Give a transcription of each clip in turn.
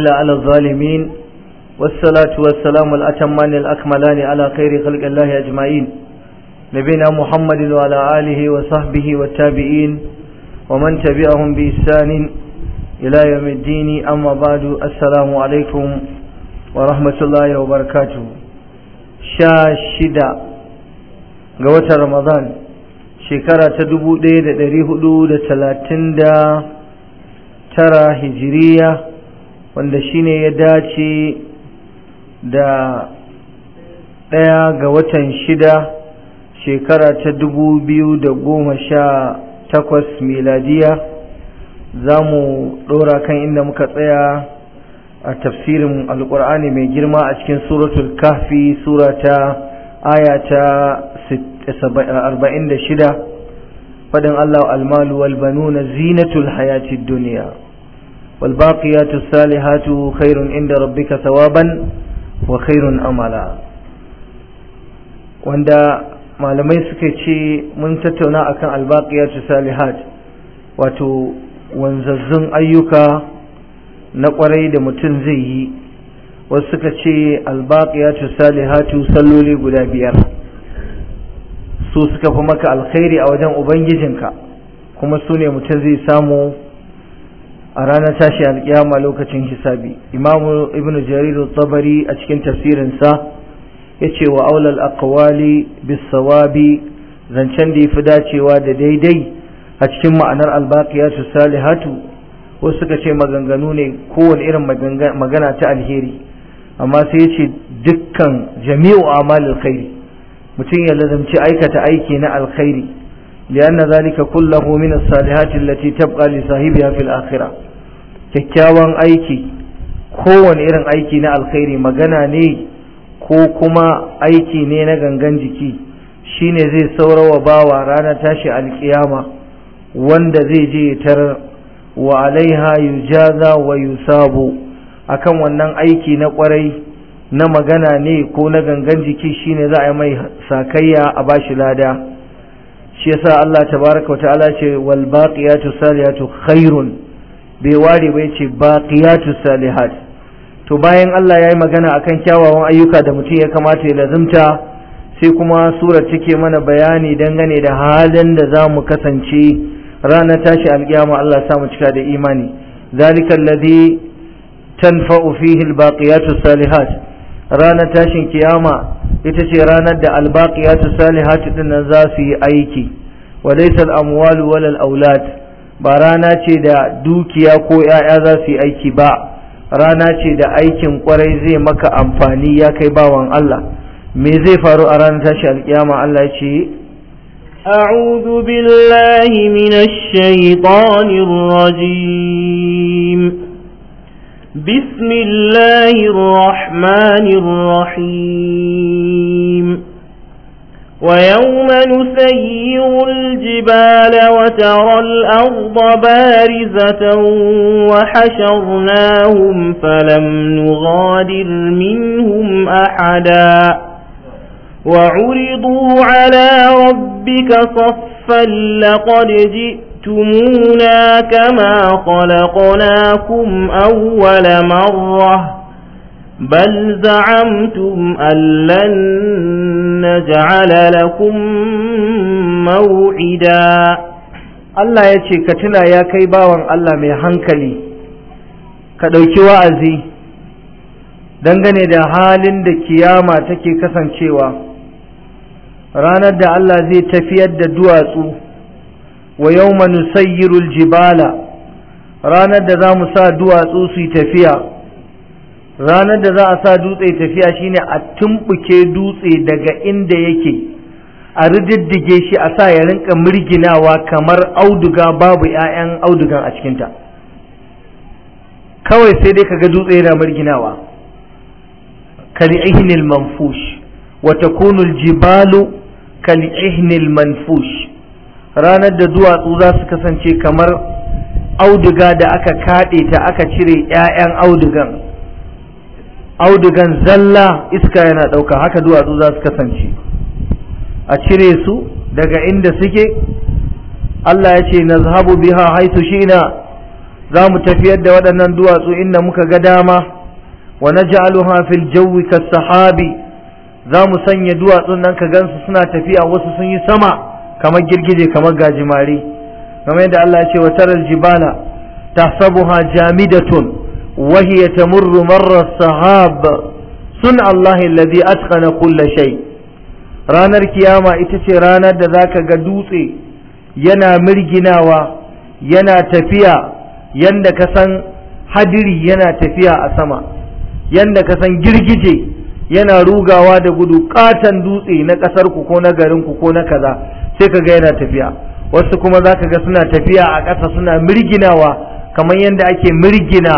على الظالمين والصلاة والسلام الأتمان الأكملان على خير خلق الله أجمعين نبينا محمد وعلى آله وصحبه والتابعين ومن تبعهم بإحسان إلى يوم الدين أما بعد السلام عليكم ورحمة الله وبركاته شاشدة قوة رمضان شكرة تدبو ديد دريه دود تلاتين دا ترى هجريه wanda shine ya dace da ɗaya ga watan shida shekara ta dubu biyu da goma sha takwas miladiya za mu ɗora kan inda muka tsaya a tafsirin alƙur'ani mai girma a cikin suratul kafi sura ta aya ta arba'in da shida faɗin allah almalu wal banuna zinatul hayatid duniya والباقيات الصالحات خير عند ربك ثوابا وخير أملا wanda malamai suka ce mun tattauna akan albaqiyatu salihat wato wanzazzun ayyuka na kwarai da mutum zai yi wasu suka ce albaqiyatu salihatu salloli guda biyar su suka fi maka alkhairi a wajen ubangijinka kuma su ne mutum zai samu a ranar tashi alƙiyama lokacin hisabi imamu ibnu jarir tabari a cikin tafsirinsa ya ce wa aulal aqwali bisawabi zancen da ya fi dacewa da daidai a cikin ma'anar su salihatu ko suka ce maganganu ne kowane irin magana ta alheri amma sai ya ce dukkan jami'u amalil khairi mutum ya lazamci aikata aiki na alkhairi لأن ka kulla من الصالحات التي تبقى لصاحبها في الآخرة kyakkyawan aiki kowane irin aiki na alkhairi magana ne ko kuma aiki ne na gangan jiki shine zai saurawa bawa rana tashi alkiyama wanda zai je ya tarwa alaiha yujaza wa yusabu akan wannan aiki na kwarai na magana ne ko na gangan jiki shine za a yi mai sakayya a bashi lada shi yasa Allah tabaraka wa ta'ala ce wal baqiyatu salihatu khairun bai ware bai ce baqiyatu salihat to bayan Allah ya yi magana akan kyawawan ayyuka da mutum ya kamata ya lazumta sai kuma surar take mana bayani dangane da halin da za mu kasance ranar tashi alƙiyama Allah samu cika da imani zalikal ladhi tanfa'u fihi al-baqiyatu salihat ranar tashin kiyama ita ce ranar da albaqiyatu ta din nan za su yi aiki wa laysa al-amwal wala al-aulad ba rana ce da dukiya ko yaya za su yi aiki ba rana ce da aikin ƙwarai zai maka amfani ya kai bawan Allah me zai faru a ranar tashi alkiyama Allah ya ce أعوذ بالله من الشيطان الرجيم بسم الله الرحمن الرحيم ويوم نسير الجبال وترى الأرض بارزة وحشرناهم فلم نغادر منهم أحدا وعرضوا على ربك صفا لقد جئت جئتمونا كما خلقناكم أول مرة بل زعمتم أن لن نجعل لكم موعدا الله يتشي كتنا يا كيباوان الله مي هنكلي كدوكي وأزي dangane da halin da kiyama take kasancewa ranar da Allah zai tafiyar da duwatsu wa yawma nusayyirul jibala ranar da za mu sa duwatsu su tafiya ranar da za a sa dutse tafiya shine a tumbuke dutse daga inda yake a rididdige shi a sa ya rinka mirginawa kamar auduga babu 'ya'yan audugan a cikinta kawai sai dai kaga dutse yana mirginawa kal'ihnil manfush wa takunul jibalu kal'ihnil manfush ranar da duwatsu za su kasance kamar auduga da aka kaɗe ta aka cire 'ya'yan audugan audugan zalla iska yana ɗauka haka duwatsu za su kasance a cire su daga inda suke Allah ya ce na zahabu biha haitu shina za mu tafiyar da waɗannan duwatsu inda muka ga dama wa na ja'aluha fil ka sahabi za mu sanya duwatsun nan ka gansu suna tafiya wasu sun yi sama kamar girgije kamar gajimari kamar yadda Allah ya ce wa taral jibala tahsabuha jamidatun wa hiya tamurru marra sahab sun Allah alladhi atqana kulla shay ranar kiyama ita ce ranar da zaka ga dutse yana mirginawa yana tafiya yanda ka san hadiri yana tafiya a sama yanda ka san girgije yana rugawa da gudu katan dutse na ƙasarku ko na garinku ko na kaza sai ka ga yana tafiya wasu kuma za ka ga suna tafiya a ƙasa suna mirginawa kamar yadda ake mirgina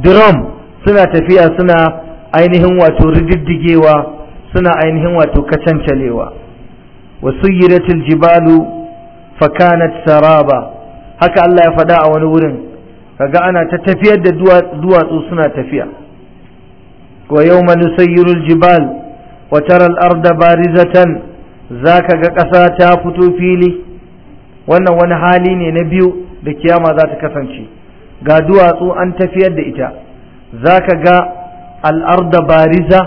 drum suna tafiya suna ainihin wato rididdigewa suna ainihin wato kacancalewa wasu yiratul jibalu fakanat saraba haka Allah ya faɗa a wani wurin kaga ana ta tafiyar da duwatsu suna tafiya wa yawma nusayyirul jibal wa tara al barizatan za ka ga ƙasa ta fito fili wannan wani hali ne na biyu da kiyama za ta kasance ga duwatsu an tafiyar da ita za ka ga al'arda bariza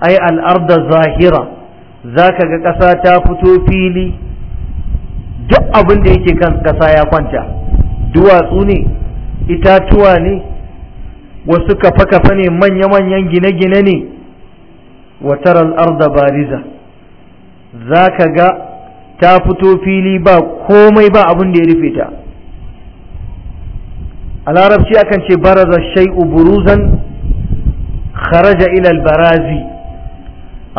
ai al'arda zahira za ka ga ƙasa ta fito fili duk abin da yake kan ƙasa ya kwanta duwatsu ne itatuwa ne wasu kafa-kafa ne manya-manyan gine-gine ne watar al'arda bariza za ka ga ta fito fili ba komai ba abin da ya rufe ta a larabci akan ce baraza shai'u buruzan kharaja ilal barazi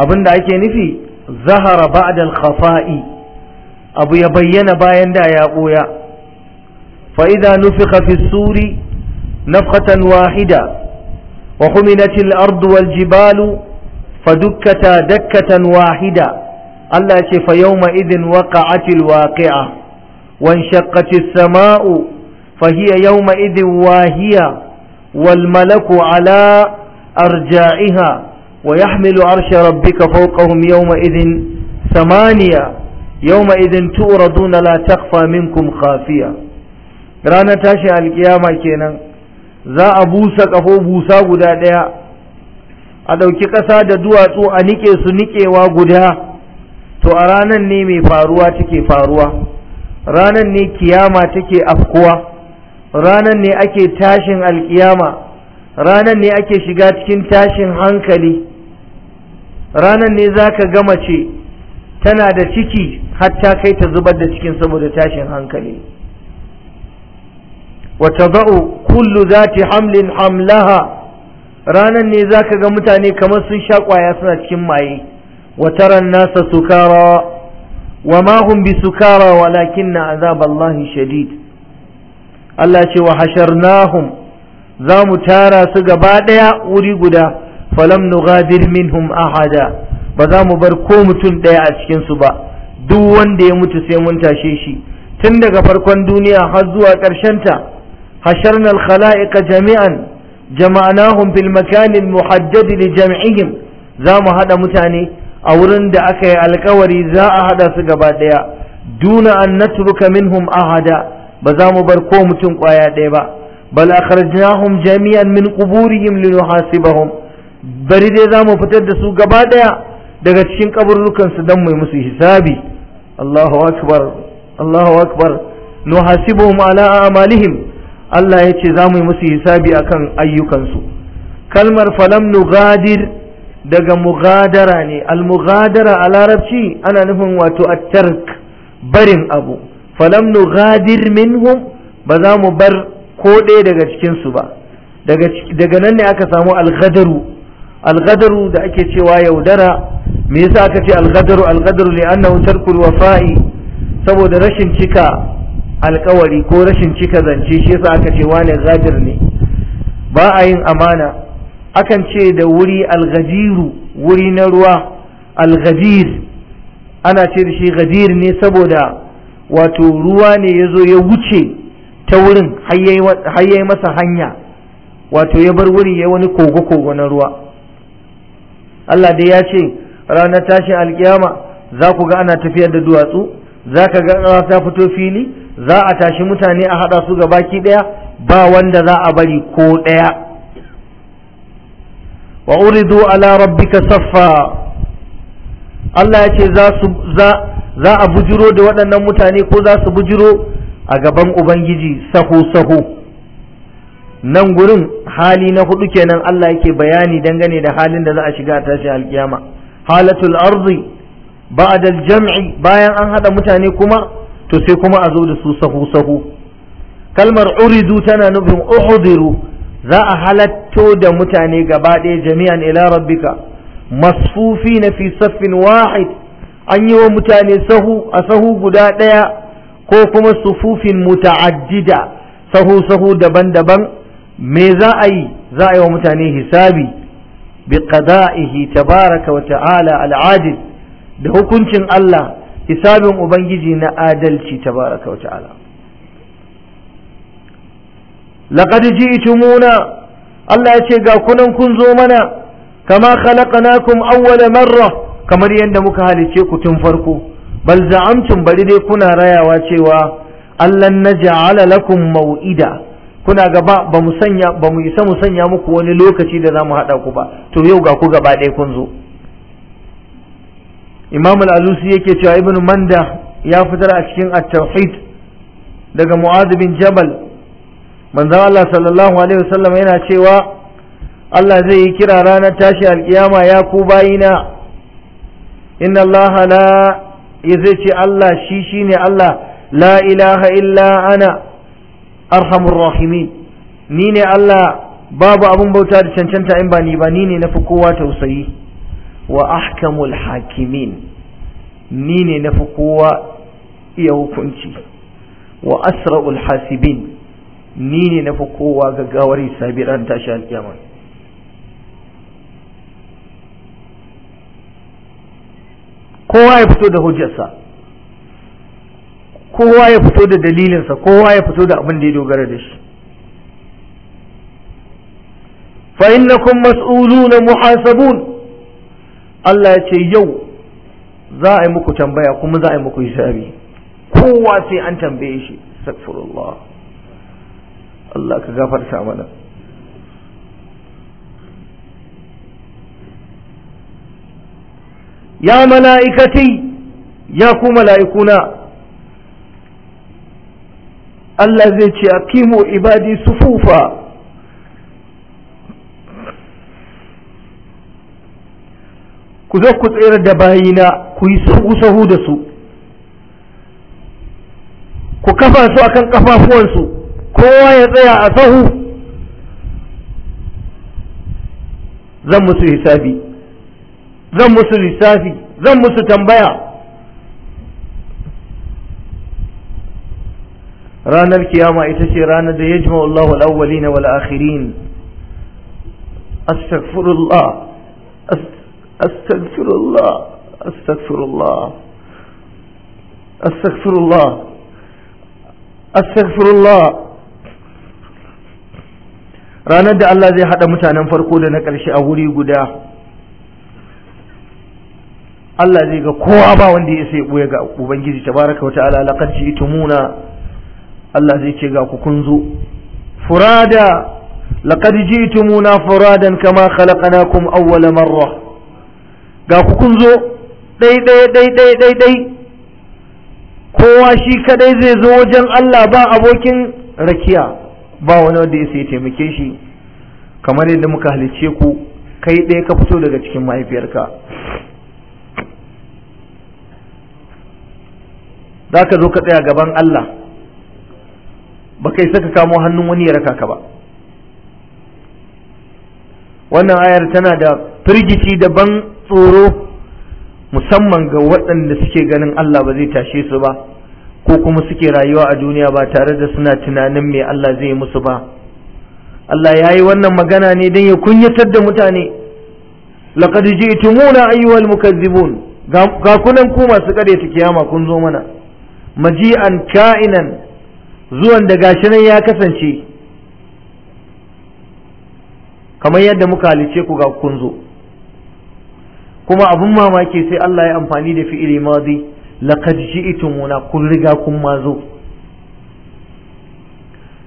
abin da ake nufi zahara ba'da al-khafa'i abu ya bayyana bayan da ya ɓoya fa idza fi suri nafqatan wahida وحملت الأرض jibalu fadukkata dakkatan wahida. Allah ce fa yawma idin waqa'atil waqi'a wan shaqqatis sama'u fa yawma idin wahiya wal malaku ala arja'iha wa yahmilu arsha rabbi fawqahum yawma idin samaniya yawma idin tu'raduna la takhfa minkum khafiya ranar tashi alkiyama kenan za a busa ƙafo busa guda ɗaya a ɗauki ƙasa da duwatsu a nike su niƙewa guda to a ranan ne mai faruwa take faruwa ranan ne kiyama take afkuwa ranan ne ake tashin alkiyama ranan ne ake shiga cikin tashin hankali ranan ne za ka gama ce tana da ciki hatta kai ta zubar da cikin saboda tashin hankali wata za'u kullu zati hamlin hamlaha ranan ne za ka ga mutane kamar sun sha kwaya suna cikin maye وترى الناس سكارى su هم بسكارى na عذاب الله شديد الله ce wa hasharnahum za mu tara su gaba ɗaya wuri guda falam nughadir minhum ahada ba za mu bar ko mutum ɗaya a cikin su ba duk wanda ya mutu sai mun tashe shi tun daga farkon duniya har zuwa ƙarshenta hasharna al-khala'iqa jami'an jama'nahum fil makan al-muhaddad li jam'ihim za mu haɗa mutane a wurin da aka yi alkawari za a haɗa su gaba ɗaya. duna an natruka minhum ahada ba za mu bar ko mutum kwaya ɗaya ba bal akhrajnahum jami'an min quburihim linuhasibahum bari dai za mu fitar da su gaba ɗaya daga cikin kaburrukan su dan mai musu hisabi Allahu akbar Allahu akbar nuhasibuhum ala amalihim Allah ya ce za mu yi musu hisabi akan ayyukansu kalmar falam nugadir daga mugadara ne al mugadara a larabci ana nufin wato a tark barin abu falam nughadir minhum ba za mu bar ko ɗaya daga cikinsu ba daga nan ne aka samu al-ghadaru da ake cewa yaudara me yasa aka ce al-ghadaru al-ghadaru li'annahu tarkul saboda rashin cika alkawari ko rashin cika zance shi yasa aka ce wane gadir ne ba a yin amana akan ce da wuri algajiru wuri na ruwa algajir ana ce da shi gajir ne saboda wato ruwa ne ya zo ya wuce ta wurin har yayi masa hanya wato ya bar wuri ya wani kogo-kogo na ruwa Allah dai ya ce ranar tashin alkiyama za ku ga ana tafiyar da duwatsu za ka ga ta fito fili za a tashi mutane a haɗa su ga baki ɗaya ba wanda za a bari ko ɗaya wa uridu ala rabbika saffa Allah ya ce za a bujiro da waɗannan mutane ko za su bujiro a gaban Ubangiji sahu-sahu nan gurin hali na hudu kenan Allah yake bayani dangane da halin da za a shiga tashi alkiyama halatul arzi ba'dal jam'i bayan an hada mutane kuma to sai kuma a zo da su sahu-sahu kalmar uridu tana nufin uhudiru za a halat fito da mutane gaba ɗaya jami'an ila rabbika masfufi na fi saffin wahid an yi wa mutane sahu a sahu guda ɗaya ko kuma sufufin muta'addida sahu sahu daban-daban me za a yi za a yi wa mutane hisabi bi qada'ihi tabaraka wa ta'ala al'adil da hukuncin Allah hisabin ubangiji na adalci tabaraka wa ta'ala laqad ji'tumuna Allah ya ce ga kunan kun zo mana kama khalaqnakum awwala marra kamar yadda muka halice ku tun farko bal za'amtum bari dai kuna rayawa cewa allan naj'ala lakum mau'ida kuna gaba ba mu sanya ba mu isa mu sanya muku wani lokaci da zamu hada ku ba to yau ga ku gaba ɗaya kun zo Imam al-Alusi yake cewa Ibn Manda ya fitar a cikin at-Tauhid daga Mu'adh bin Jabal manzon Allah sallallahu alaihi wasallam yana cewa Allah zai yi kira ranar tashi alkiyama ya ku bayina inna Allah la zai ce Allah shi shine Allah la ilaha illa ana arhamur rahimin ni ne Allah babu abun bauta da cancanta in ba ni ba ni ne nafi kowa tausayi wa ahkamul hakimin ni ne nafi kowa iya hukunci wa asra'ul hasibin ni ne na fi kowa gaggawar hisabi ran tashi alkiyama kowa ya fito da hujjarsa kowa ya fito da dalilinsa kowa ya fito da abin da ya dogara da shi kuma innakum na muhasabun Allah ya ce yau za a yi muku tambaya kuma za a yi muku hisabi kowa sai an tambaye shi sakfurullah Allah ka gafarta mana ya mala'ikati ya ku mala'ikuna Allah zai ce a ibadi sufufa ku zo ku tsere da bayina ku yi sahu da su ku kafa su akan su. kowa ya tsaya a sahu zan musu hisabi zan musu lissafi zan musu tambaya ranar kiyama ita ce ranar da ya jima Allah wal'awwali na wal'akhirin astagfirullah astagfirullah astagfirullah astagfirullah astagfirullah ranar da Allah zai haɗa mutanen farko da na ƙarshe a wuri guda Allah zai ga kowa ba wanda ya sai ɓuya ga Ubangiji tabaraka wa ta'ala laqad ji'tumuna Allah zai ce ga ku kun zo furada laqad ji'tumuna furadan kama khalaqnakum awwala marra ga ku kun zo dai dai dai dai kowa shi kadai zai zo wajen Allah ba abokin rakiya ba wani wanda ya sai taimake shi kamar yadda muka halicce ku kai ɗaya ka fito daga cikin mahaifiyarka za ka zo ka tsaya gaban Allah ba kai saka kamo hannun wani ya raka ka ba wannan ayar tana da firgici daban tsoro musamman ga waɗanda suke ganin Allah ba zai tashe su ba ko kuma suke rayuwa a duniya ba tare da suna tunanin me Allah zai musu ba Allah ya yi wannan magana ne don ya kunyatar da mutane laqad ji'tumuna ayyuhal mukazzibun ga kunan ku masu ta kiyama kun zo mana maji'an ka'inan zuwan da gashi nan ya kasance kamar yadda muka halice ku ga kun zo kuma abin mamaki sai Allah ya amfani da fi'ili madi laqad ji'tumuna kun riga kun ma zo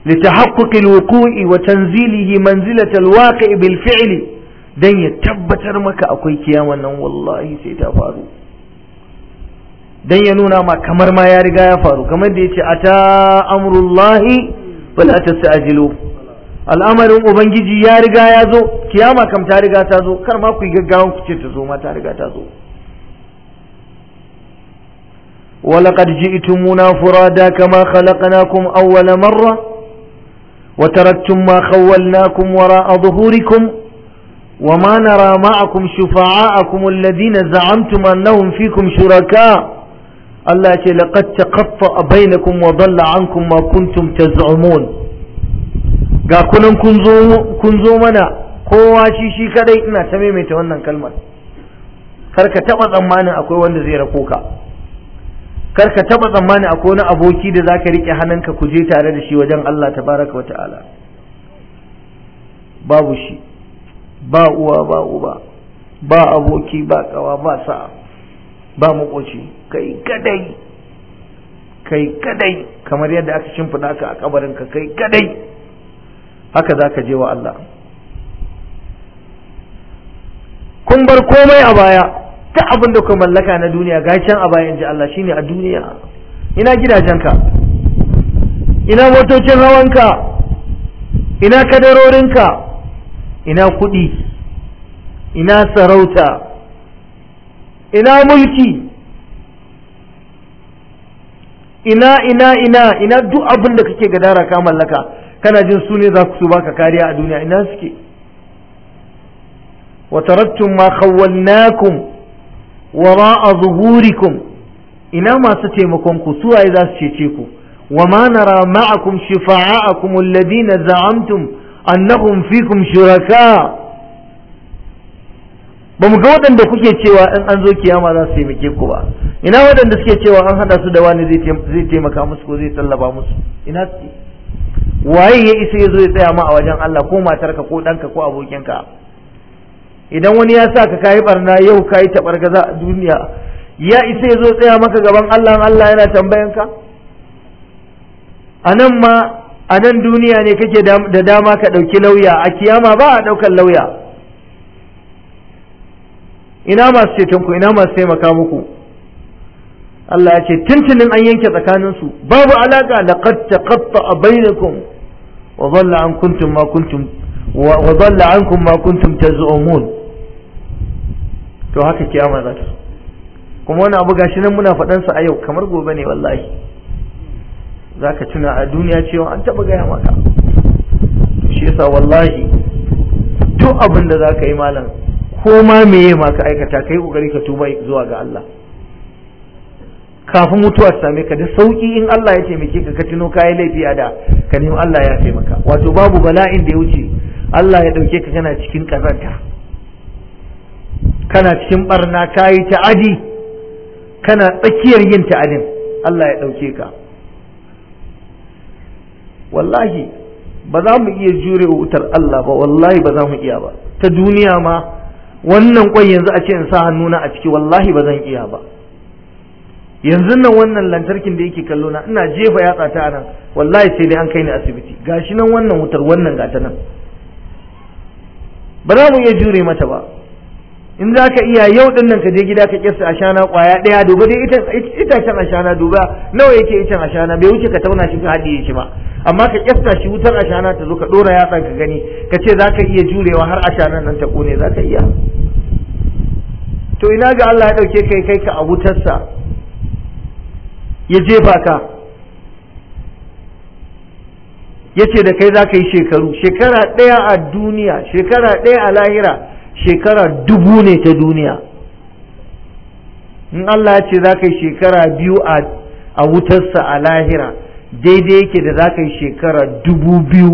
لتحقق الوقوع وتنزيله منزلة الواقع بالفعل dan ya tabbatar maka akwai kiyaman nan wallahi sai ta faru dan ya nuna ma kamar ma ya riga ya faru kamar da yace ata amrullahi wala tastajilu al'amarin ubangiji ya riga ya zo kiyama kam ta riga ta zo kar ma ku yi gaggawan ku ce ta zo ma ta riga ta zo ولقد جئتمونا فرادا كما خلقناكم أول مرة وتركتم ما خولناكم وراء ظهوركم وما نرى معكم شفعاءكم الذين زعمتم أنهم فيكم شركاء الله يقول لقد تقطع بينكم وضل عنكم ما كنتم تزعمون قال kunan كنزومنا zo mana kowa shi shi kadai ina ta maimaita wannan kalmar kar kar ka taba tsammani akwai wani aboki da zaka rike hannunka ku je tare da shi wajen Allah tabaraka wa ta'ala babu shi ba uwa ba uba ba aboki ba kawa ba sa'a ba makoci kai kadai kai kadai kamar yadda aka shimfiɗa ka a kabarin ka kai kadai haka zaka je wa Allah kun bar komai a baya ta abin da ku mallaka na duniya ga can a bayan ji Allah shine a duniya ina gidajenka ina motocin ka. ina kadarorinka ina kuɗi ina sarauta ina mulki ina ina ina ina duk abin da kake gadara ka mallaka kana jin su ne za su baka kariya a duniya ina suke wa taraktum ma khawwalnakum wara'a zuhurikum ina masu taimakon ku su waye za su cece ku wa ma nara ma'akum shifa'akum alladhina za'amtum annahum fikum shuraka ba mu ga waɗanda kuke cewa in an zo kiyama za su taimake ku ba ina waɗanda suke cewa an hada su da wani zai taimaka musu ko zai tallaba musu ina waye ya isa ya zo ya tsaya ma a wajen Allah ko matarka ko ɗanka ko abokinka idan wani ya sa ka kayi barna yau taɓar gaza a duniya ya isa ya zo tsaya maka gaban Allah Allah yana tambayan ka a nan ma a nan duniya ne kake da dama ka ɗauki lauya a kiyama ba a ɗaukar lauya ina masu cetonku ina masu taimaka muku Allah ya ce tuntunin an yanke tsakaninsu babu alaka laqad taqatta bainakum wa dhalla an kuntum ma kuntum wa dhalla ankum ma kuntum tazumun to haka kiyama za ta kuma wani abu gashi nan muna faɗan sa a yau kamar gobe ne wallahi za tuna a duniya cewa an taɓa gaya maka shi yasa wallahi duk abin da za ka yi malam ko ma meye ma ka aikata ka yi ka tuba zuwa ga Allah kafin mutuwa ta same ka da sauki in Allah ya taimake ka ka tuno ka laifi a da ka nemi Allah ya taimaka wato babu bala'in da ya wuce Allah ya ɗauke ka kana cikin kazanta kana cikin barna ka yi ta'adi kana tsakiyar yin ta'adin Allah ya ɗauke ka wallahi ba za mu iya jure wutar Allah ba wallahi ba za mu iya ba ta duniya ma wannan kwai yanzu a ce in sa hannuna a ciki wallahi ba zan iya ba yanzu nan wannan lantarkin da yake kallo na ina jefa yatsa ta nan wallahi sai dai an kai ni asibiti gashi nan wannan wutar wannan gata nan ba za mu iya jure mata ba in za ka iya yau din nan ka je gida ka kissa ashana kwaya ɗaya duba dai itacen ashana duba nawa yake itacen ashana bai wuce ka tauna shi ka haɗiye shi ba amma ka kissa shi wutar ashana ta zo ka ɗora yatsa ka gani ka ce za ka iya jurewa har ashanan nan ta ƙone za ka iya to ina ga Allah ya ɗauke kai kai ka a wutarsa ya jefa ka yace da kai za ka yi shekaru shekara ɗaya a duniya shekara ɗaya a lahira shekara dubu ne ta duniya in Allah ya ce za ka yi shekara biyu a wutarsa a lahira daidai yake da za ka yi shekara dubu biyu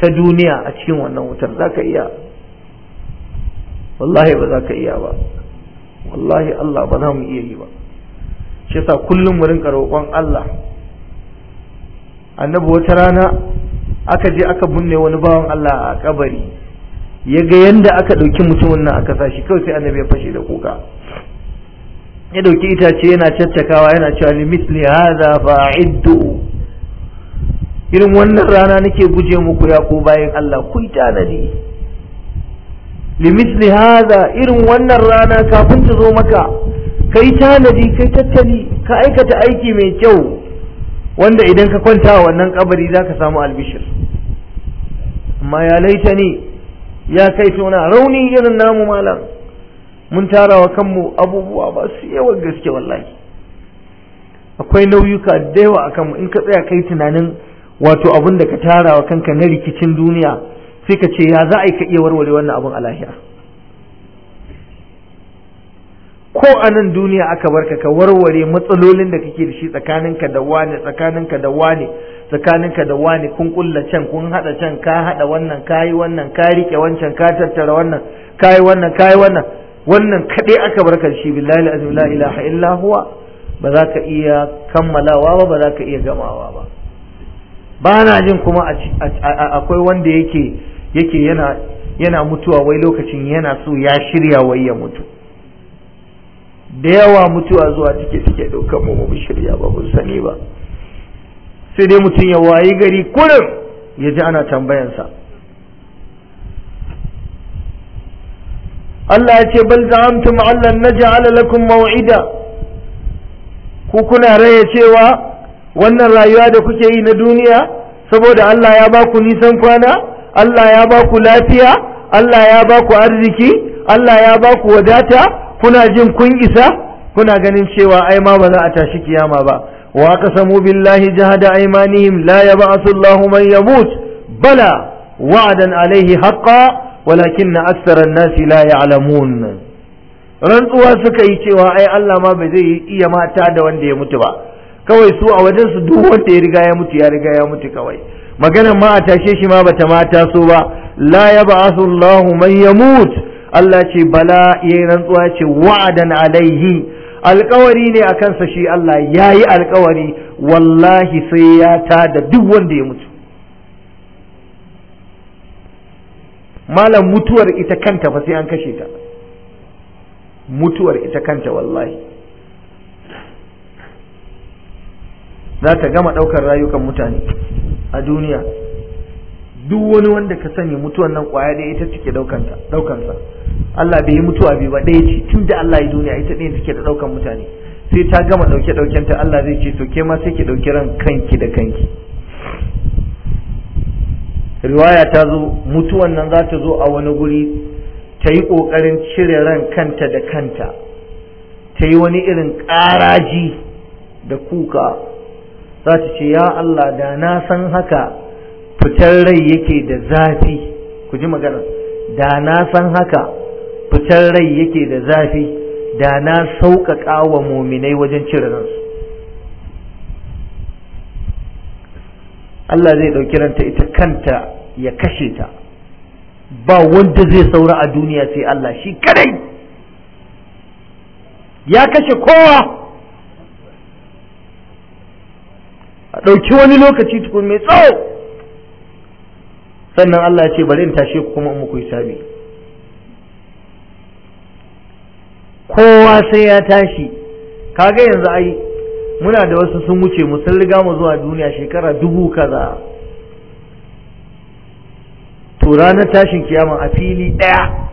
ta duniya a cikin wannan wutar za ka iya wallahi ba za ka iya ba wallahi Allah ba za mu iya yi ba shi sa kullum wurin rinka roƙon Allah annabi wata rana aka je aka binne wani bawan Allah a kabari ya ga yanda aka ɗauki mutumin nan aka sashi kawai sai annabi ya fashe da kuka ya ɗauki itace yana caccakawa yana cewa limitli hadha fa'iddu irin wannan rana nake guje muku ya ko bayan Allah ku tanadi misli hadha irin wannan rana kafin ta zo maka kai tanadi kai tattali ka aikata aiki mai kyau wanda idan ka kwanta a wannan kabari zaka samu albishir amma ya laita ne ya kai tona rauni irin namu malam mun tara wa kanmu abubuwa ba su yawa gaske wallahi akwai nauyuka da yawa a kanmu in ka tsaya kai tunanin wato abin da ka tara wa kanka na rikicin duniya sai ka ce ya za a yi ka iya warware wannan abin a lahira ko a nan duniya aka barka ka warware matsalolin da kake da shi tsakaninka da wane tsakaninka da wane tsakaninka da wani kun kulla can kun hada can ka hada wannan yi wannan ka rike wancan ka tattara wannan yi wannan yi wannan wannan kaɗai aka barkar shi billahi azim la ilaha illa huwa ba za ka iya kammalawa ba ba za ka iya gamawa ba ba na jin kuma akwai wanda yake yake yana yana mutuwa wai lokacin yana so ya shirya wai ya mutu da yawa mutuwa zuwa cike-cike ɗaukar mu mu shirya ba mu sani ba sai dai mutum ya wayi gari kurin ya ji ana tambayansa Allah ya ce bal za'amtum allan naj'al lakum maw'ida ku kuna raye cewa wannan rayuwa da kuke yi na duniya saboda Allah ya ba ku nisan kwana Allah ya ba ku lafiya Allah ya ba ku arziki Allah ya ba ku wadata kuna jin kun isa kuna ganin cewa ai ma ba za a tashi kiyama ba وأقسموا بالله جهد أيمانهم لا يبعث الله من يموت بلى وعدا عليه حقا ولكن أكثر الناس ya يعلمون rantsuwa suka yi cewa ai Allah ma bai zai iya mata da wanda ya mutu ba kawai su a wajen su duk wanda ya riga ya mutu ya riga ya mutu kawai maganar ma a tashe shi ma bata mata so ba la yab'athu Allahu man yamut Allah ce bala yayin rantsuwa ce wa'adan alaihi alkawari ne a kansa shi Allah ya yi alkawari wallahi sai ya ta da duk wanda ya mutu malam mutuwar ita kanta fa sai an kashe ta mutuwar ita kanta wallahi za ta gama ɗaukar rayukan mutane a duniya duk wani wanda ka sanya mutuwan nan kwaya dai ita take daukansa Allah bai yi mutuwa bai ba ɗaya ce tun Allah ya duniya ita ɗaya take da daukan mutane sai ta gama ɗauke dauken ta Allah zai ce to ke ma sai ki dauki ran kanki da kanki riwaya ta zo mutuwan nan za ta zo a wani guri ta yi ƙoƙarin cire ran kanta da kanta ta yi wani irin ƙaraji da kuka za ta ce ya Allah da na san haka fitar rai yake da zafi ku ji magana da na san haka fitar rai yake da zafi da na sauƙaƙa wa muminai wajen cire ransu Allah zai ɗauki ranta ita kanta ya kashe ta ba wanda zai saura a duniya sai Allah shi kadai ya kashe kowa a ɗauki wani lokaci tukun mai tsawo sannan Allah ya ce bari in tashe ku kuma in muku hisabi kowa sai ya tashi kaga yanzu ai muna da wasu sun wuce mu sun riga mu zuwa duniya shekara dubu kaza to ranar tashin kiyama a fili ɗaya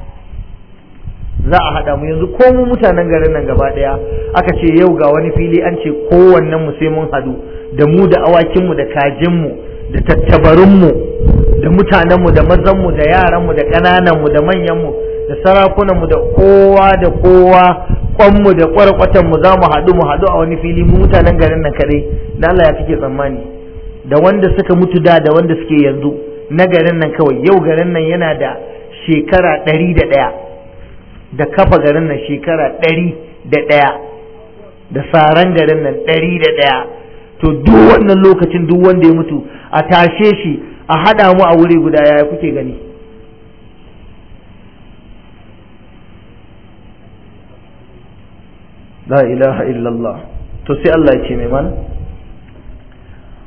za a haɗa mu yanzu ko mu mutanen garin nan gaba ɗaya aka ce yau ga wani fili an ce kowannen mu sai mun hadu, da mu da awakinmu da kajinmu da tattabarunmu mutanenmu da mazanmu da yaranmu da ƙanananmu da manyanmu da sarakunanmu da kowa da kowa kwanmu da ƙwarƙwatanmu za mu haɗu mu haɗu a wani fili mu mutanen garin nan kaɗai da Allah ya kike tsammani da wanda suka mutu da da wanda suke yanzu na garin nan kawai yau garin nan yana da shekara ɗari da ɗaya da kafa garin nan shekara ɗari da ɗaya da saran garin nan ɗari da ɗaya to duk wannan lokacin duk wanda ya mutu a tashe shi a haɗa mu a wuri guda yaya kuke gani la ilaha illallah to sai Allah ya ce mai mana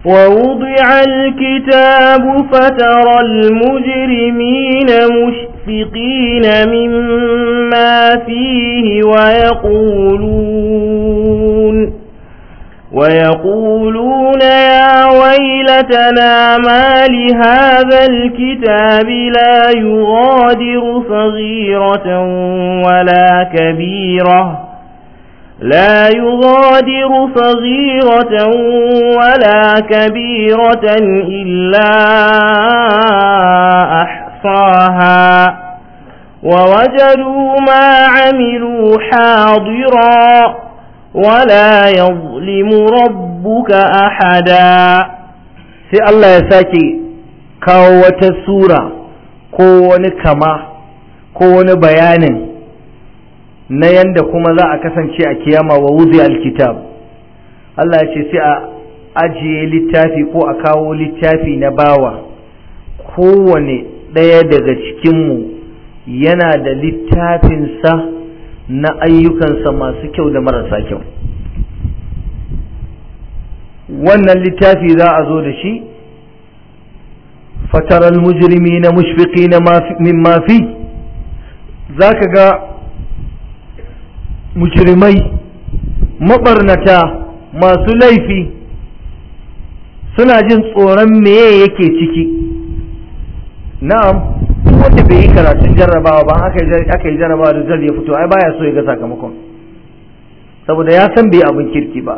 ووضع الكتاب فترى المجرمين مشفقين مما فيه ويقولون ويقولون يا ويلتنا ما لهذا الكتاب لا يغادر صغيرة ولا كبيرة لا يغادر صغيرة ولا كبيرة إلا أحصاها ووجدوا ما عملوا حاضراً ولا يظلم ربك أحدا sai Allah ya sake kawo wata sura ko wani kama ko wani bayanin na yanda kuma za a kasance a kiyama wa wuzi alkitab Allah ya ce sai a ajiye littafi ko a kawo littafi na bawa kowane ɗaya daga cikinmu yana da littafinsa na ayyukansa masu kyau da marasa kyau wannan littafi za a zo da shi fataral mujrimi na mushfiki na min mafi za ka ga mujirimai? Mabarnata masu laifi suna jin tsoron meye yake ciki na'am duk wanda bai yi karatun jarrabawa ba aka yi jarrabawa da zai ya fito ai baya so ya ga sakamakon saboda ya san bai abin kirki ba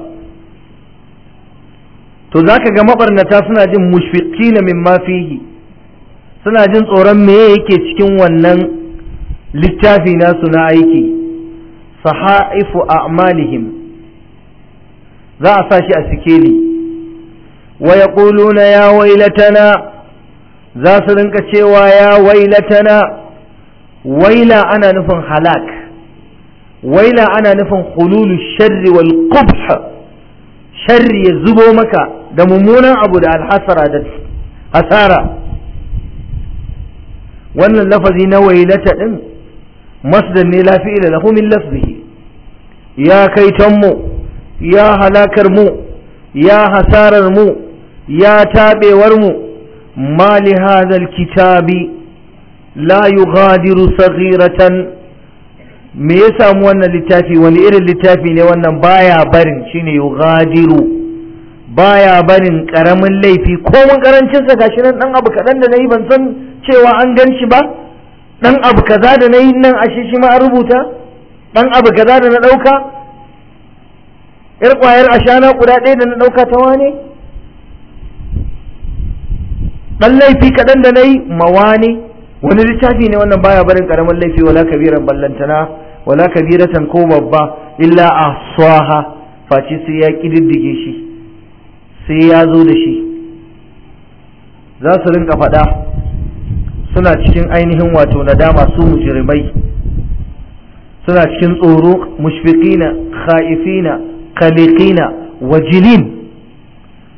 to za ka ga mabarnata suna jin mushfiki na min mafihi suna jin tsoron me yake cikin wannan littafi nasu na aiki sahaifu a'malihim za a sa shi a sikeli wa yaquluna ya wailatana za su rinka cewa ya wailatana waila ana nufin halak waila ana nufin hululu sharri wal qubh sharri ya zubo maka da mummunan abu da alhasara da hasara wannan lafazi na wailata ɗin masdar ne la da lahu lafzihi ya kaiton mu ya halakar mu ya hasarar mu ya taɓewar mu ما لهذا الكتاب لا يغادر صغيرة me ya samu wannan littafi wani irin littafi ne wannan baya barin shine Yugadiru baya barin karamin laifi ko mun karancin sa gashi nan dan abu kadan da nayi ban san cewa an gan shi ba dan abu kaza da nayi nan ashe shi ma an rubuta dan abu kaza da na dauka yar kwayar ashana guda ɗaya da na dauka ta wane dan laifi kaɗan da na yi mawani wani littafi ne wannan baya barin karamin laifi wala kabiran ballantana wala kabiratan ko babba illa a ahsaha face sai ya ƙididdige shi sai ya zo da shi za su rinka faɗa suna cikin ainihin wato nadama su mujrimai suna cikin tsoro mushfiqina khaifina qaliqina wajilin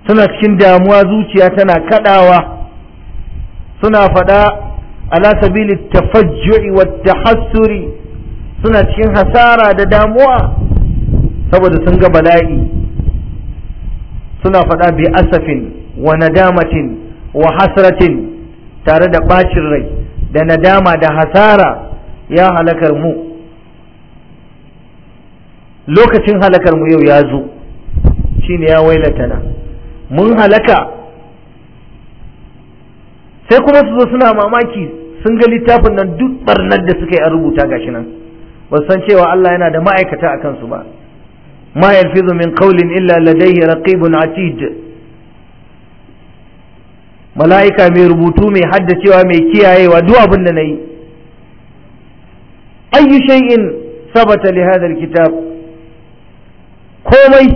suna cikin damuwa zuciya tana kadawa suna faɗa ala sabili tafajju'i wa tahassuri suna cikin hasara da damuwa saboda sun ga bala'i suna faɗa bi asafin wa nadamatin wa hasratin tare da ɓacin rai da nadama da hasara ya halakar mu lokacin halakar mu yau ya zo shine ya wailata na mun halaka sai kuma su zo suna mamaki sun ga littafin nan duk barnar da suka yi a rubuta gashi nan ba san cewa Allah yana da ma'aikata a kansu ba ma yalfizu min qawlin illa ladayhi raqibun atid mala'ika mai rubutu mai haddacewa mai kiyayewa duk abin da nayi ayyu shay'in sabata li hadha alkitab komai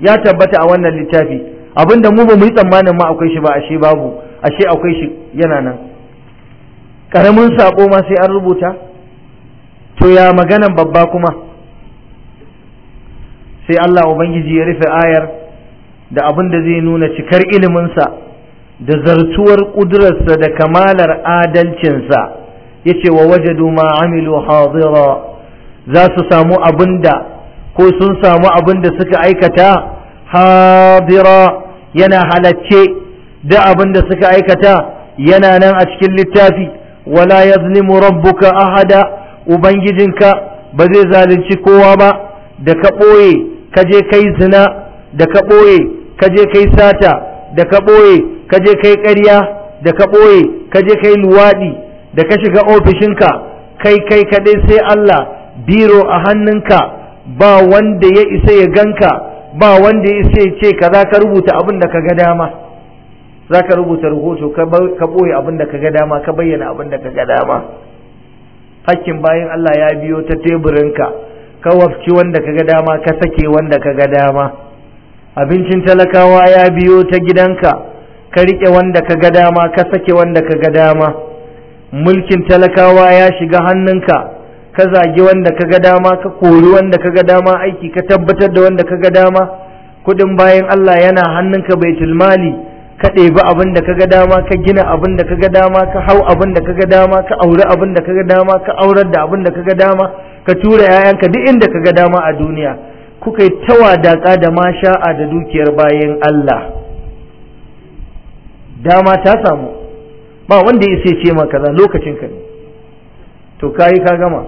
ya tabbata a wannan littafi abinda mu ba mu yi tsammanin ma akwai shi ba ashe babu ashe akwai shi yana nan ƙaramin saƙo ma sai an rubuta to ya maganan babba kuma sai Allah Ubangiji ya rufe ayar da abin da zai nuna cikar iliminsa da zartuwar ƙudurarsa da kamalar adalcinsa ya ce wa waje ma amilu hadira za su samu abin da ko sun samu abin da suka aikata hadira yana halacce da abin da suka aikata yana nan a cikin littafi wala yazlimu rabbuka ahada ubangijinka ba zai zalunci kowa ba da ka ɓoye ka je kai zina da ka ɓoye ka je kai sata da ka ɓoye ka je kai ƙarya da ka ɓoye ka je kai luwaɗi da ka shiga ofishinka kai kai kaɗai sai Allah biro a hannunka ba wanda ya isa ya ganka ba wanda ya isa ya ce kaza ka rubuta abin da ka ga dama za ka rubuta rahoto ka ɓoye abin da ka ga dama ka bayyana abin da ka ga dama hakkin bayan Allah ya biyo ta teburinka ka wafki wanda ka ga dama ka sake wanda ka ga dama abincin talakawa ya biyo ta gidanka ka riƙe wanda ka ga dama ka sake wanda ka ga dama mulkin talakawa ya shiga hannunka ka zagi wanda ka ga dama ka kori wanda ka ga dama aiki ka tabbatar da wanda ka ga dama kuɗin bayan Allah yana hannunka baitul mali ka ɗebi abin da kaga dama ka gina abin da kaga dama ka hau abin da kaga dama ka auri abin da kaga dama ka aurar da abin da kaga dama ka tura yayanka duk inda kaga dama a duniya kuka yi tawadaka da masha'a da dukiyar bayan Allah dama ta samu ba wanda ya ce ma kaza lokacin ka ne to kai ka gama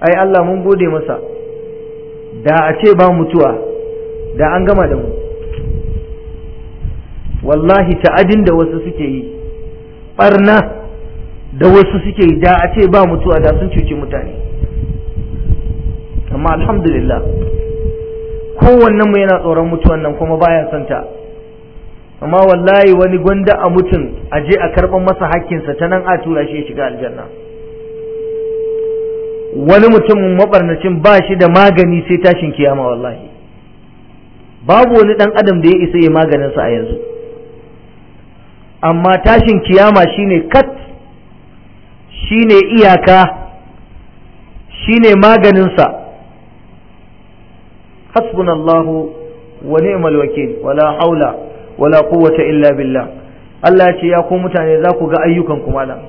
ai Allah mun gode masa da a ce ba mutuwa da an gama da mu wallahi ta'adin da wasu suke yi barna da wasu suke yi da a ce ba mutuwa da sun cuci mutane amma alhamdulillah kowannen mu yana tsoron mutuwan nan kuma baya son ta amma wallahi wani gwanda a mutum a je a karɓar masa hakkinsa ta nan a tura shi ya shiga aljanna wani mutum mabarnacin ba shi da magani sai tashin kiyama wallahi babu wani ɗan adam da ya isa ya maganinsa a yanzu amma tashin kiyama shine kat shine iyaka shine maganinsa hasbunallahu wa ni'mal wakil wala haula wala quwwata illa billah Allah ya ce ya ku mutane za ku ga ayyukan ku malam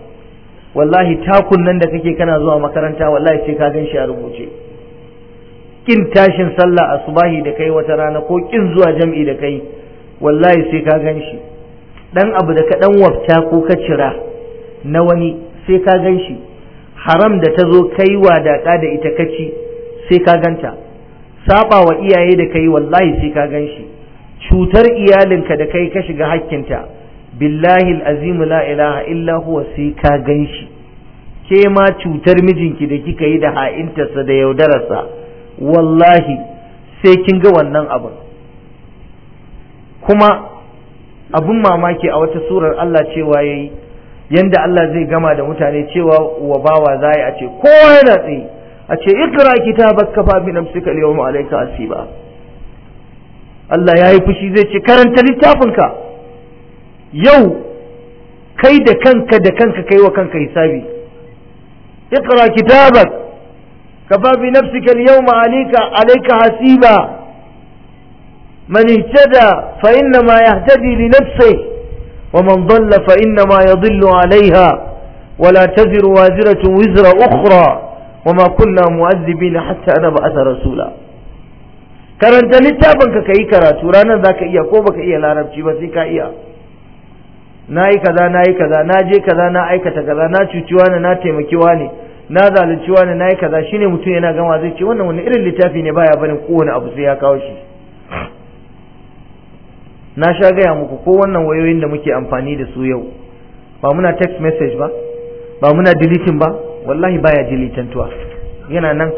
wallahi takun nan da kake kana zuwa makaranta wallahi sai ka gan a rubuce kin tashin sallah asubahi da kai wata rana ko kin zuwa jam'i da kai wallahi sai ka gan shi dan abu da ka dan wafta ko ka cira na wani sai ka gan haram da ta zo kai wa da ita kaci sai ka ganta saba wa iyaye da kai wallahi sai ka gan shi cutar iyalinka da kai ka shiga hakkinta billahi azim la ilaha illa huwa sai ka gan ke ma cutar mijinki da kika yi da ha'intarsa da yaudararsa wallahi sai kin ga wannan abin kuma abun mamaki a wata surar Allah cewa yayi yanda Allah zai gama da mutane cewa wa bawa zai a ce kowa yana tsaye a ce ikra kitabak kafa bi nafsika al alayka asiba Allah yayi fushi zai ce karanta littafinka yau kai da kanka da kanka kai wa kanka hisabi ikra kitabak kafa bi nafsika al-yawma alayka alayka hasiba من اهتدى فإنما يهتدي لنفسه ومن ضل فإنما يضل عليها ولا تزر وازرة وزر أخرى وما كنا مؤذبين حتى نبعث رسولا karanta littafinka ka yi karatu ranar za ka iya ko baka iya larabci ba sai ka iya na yi kaza na yi kaza na je kaza na aikata kaza na cuciwa ne na taimakiwa ne na zalunciwa ne na yi kaza shine mutum yana gama zai ce wannan wani irin littafi ne baya barin kowane abu sai ya kawo shi na sha gaya muku ko wannan wayoyin da muke amfani da su yau ba muna text message ba ba muna deleting ba wallahi baya dilitantuwa yana nan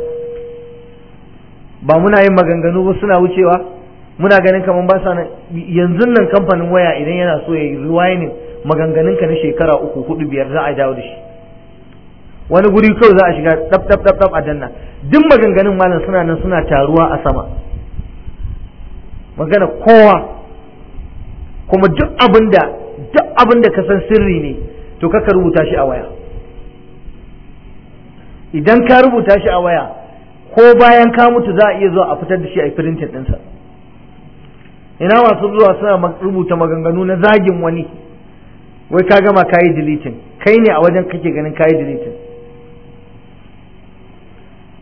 ba muna yin maganganu ba suna wucewa muna ganin kamar ba sa nan yanzu nan kamfanin waya idan yana so ya yi rewinding maganganun ka na shekara uku hudu biyar za a dawo da shi wani guri kawai za a shiga dab dab dab dab a danna duk maganganun malam suna nan suna taruwa a sama magana kowa kuma duk abinda duk abin ka san sirri ne to ka rubuta shi a waya idan ka rubuta shi a waya ko bayan ka mutu za a iya zuwa a fitar da shi a firintin ɗinsa ina masu zuwa suna rubuta maganganu na zagin wani wai ka gama kayi deleting kai ne a wajen kake ganin kayi deleting